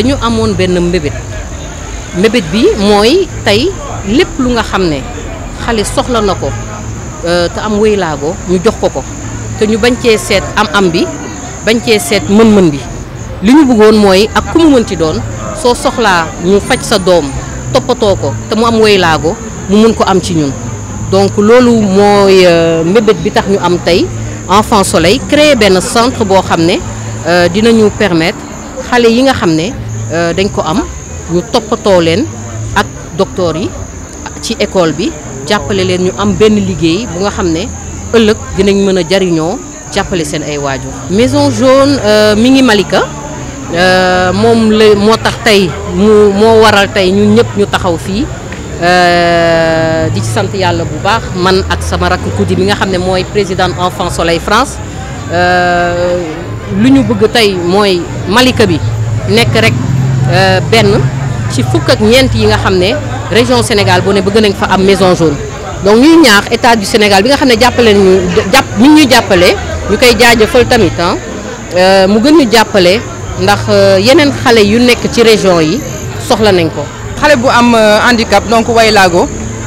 dañu amone benn mbébét mbébét bi moy tay lepp lu nga xamné xalé soxla nako euh te am wéylaago ñu jox ko ko te ñu bañ cee am-am bi bañ cee seet mën-mën bi li ñu bëggoon moy ak kumu mu mënti doon so soxla ñu fajj sa doom topato ko te mu am wéylaago mu mën ko am ci ñun donc lolu moy euh, mbébét bi tax ñu am tay Enfant Soleil créer benn centre boo xam ne euh, dinañu permettre xalé yi nga xamné Euh, dañ ko am ñu topato len ak docteur yi ci école bi jappalé len ñu am ben liggéey bu nga xamné ëlëk dinañ mëna jariño jappalé sen ay waju maison jaune euh, mi ngi malika euh mom le motax tay mu mo waral tay ñun ñëpp ñu taxaw fii euh, di ci sante yalla bu baax man ak sama rakk kuddi mi nga xamné moy président enfant soleil france euh luñu bëgg tay moy malika bi nek rek Euh, benn ci fukk ak ñeent yi nga xam ne région Sénégal boo ne bëgg nañ fa am maison jaune donc ñuy ñaax état du Sénégal bi nga xam ne jàppale ñu jàpp mi ñuy jàppale ñu koy jaajëfal tamit ah euh, mu gën ñu jàppale ndax euh, yeneen xale yu nekk ci région yi soxla nañ ko. xale bu am handicap donc waylaago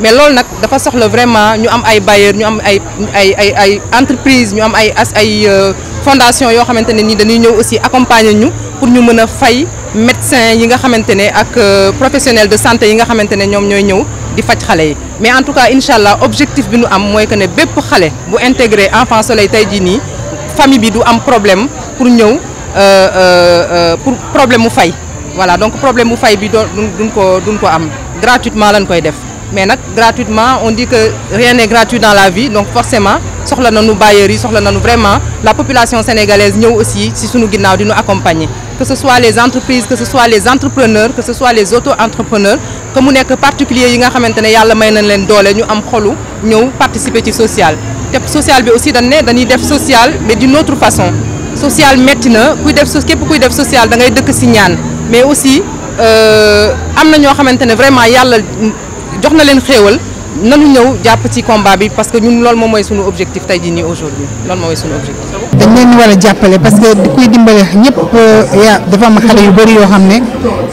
mais lol nak dafa soxla vraiment ñu am ay bailleurs ñu am ay ay ay ay entreprise ñu am ay ay euh, fondation yo xamantene ni dañuy ñëw aussi accompagner ñu pour ñu mëna fay médecins yi nga xamantene ak euh, professionnels de santé yi nga xamantene ñom ñoy ñëw di fajj xalé yi mais en tout cas inshallah objectif bi ñu am moy que ne bép xalé bu intégré enfant soleil tey jii famille bi du am problème pour ñëw euh, pour problème mu fay voilà donc problème mu fay bi duñ ko duñ ko am gratuitement lañ koy def mais gratuitement on dit que rien n'est gratuit dans la vie donc forcément soxla nañu bailleurs si soxla nañu vraiment la population sénégalaise nous aussi ci suñu ginnaw di nous accompagner que ce soit les entreprises que ce soit les entrepreneurs que ce soit les auto-entrepreneurs que mu nekk particuliers yi nga xamantene yalla may nañ len doole ñu am xolu ñeu participer ci social té social bi aussi dañ né dañuy def social mais d'une autre façon social metina kuy def kuy def social da ngay dëkk ci ñaan mais aussi euh amna ño xamantene vraiment jox na leen xéewal nanu ñëw jàpp ci combat bi parce que ñun lool moom mooy suñu objectif tey jii nii aujourd'hui loolu moom mooy suñu objectif. dañ leen war a jàppale parce que kuy dimbale ñëpp euh, yaa dafa am xale yu bëri yoo xam ne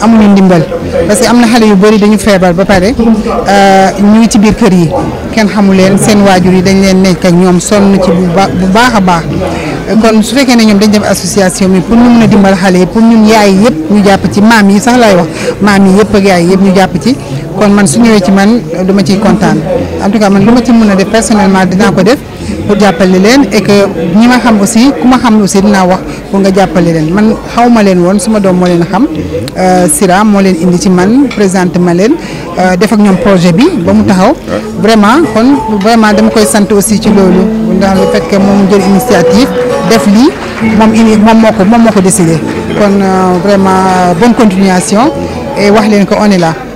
amuñu ndimbal parce que am na xale yu bëri dañu feebar ba pare euh, ñu ngi ci biir kër yi kenn xamu leen seen waajur yi dañ leen nekk ak ñoom sonn ci bu bu baax a baax kon su fekkee ne ñoom dañ def association bi pour ñu mën a dimbal xale yi pour ñun yaay yëpp ñu jàpp ci maam yi sax laay wax maam yi yëpp ak yëpp ñu jàpp ci. kon man su ñëwee ci man dama ciy kontaan en tout cas man lu ma ci mun a def personnellement dinaa ko def pour jàppale leen et ñi ma xam aussi ku ma xam aussi dinaa wax ko nga jàppale leen man xaw ma leen woon suma doom moo leen xam euh, Sira moo leen indi ci man présenté ma leen euh, def ak ñoom projet bi ba mu taxaw vraiment kon vraiment dama koy sant aussi ci loolu ndax le fait que moom jël initiative def lii moom ini moom moo ko moom moo ko décidé kon euh, vraiment bonne continuation et wax leen ko on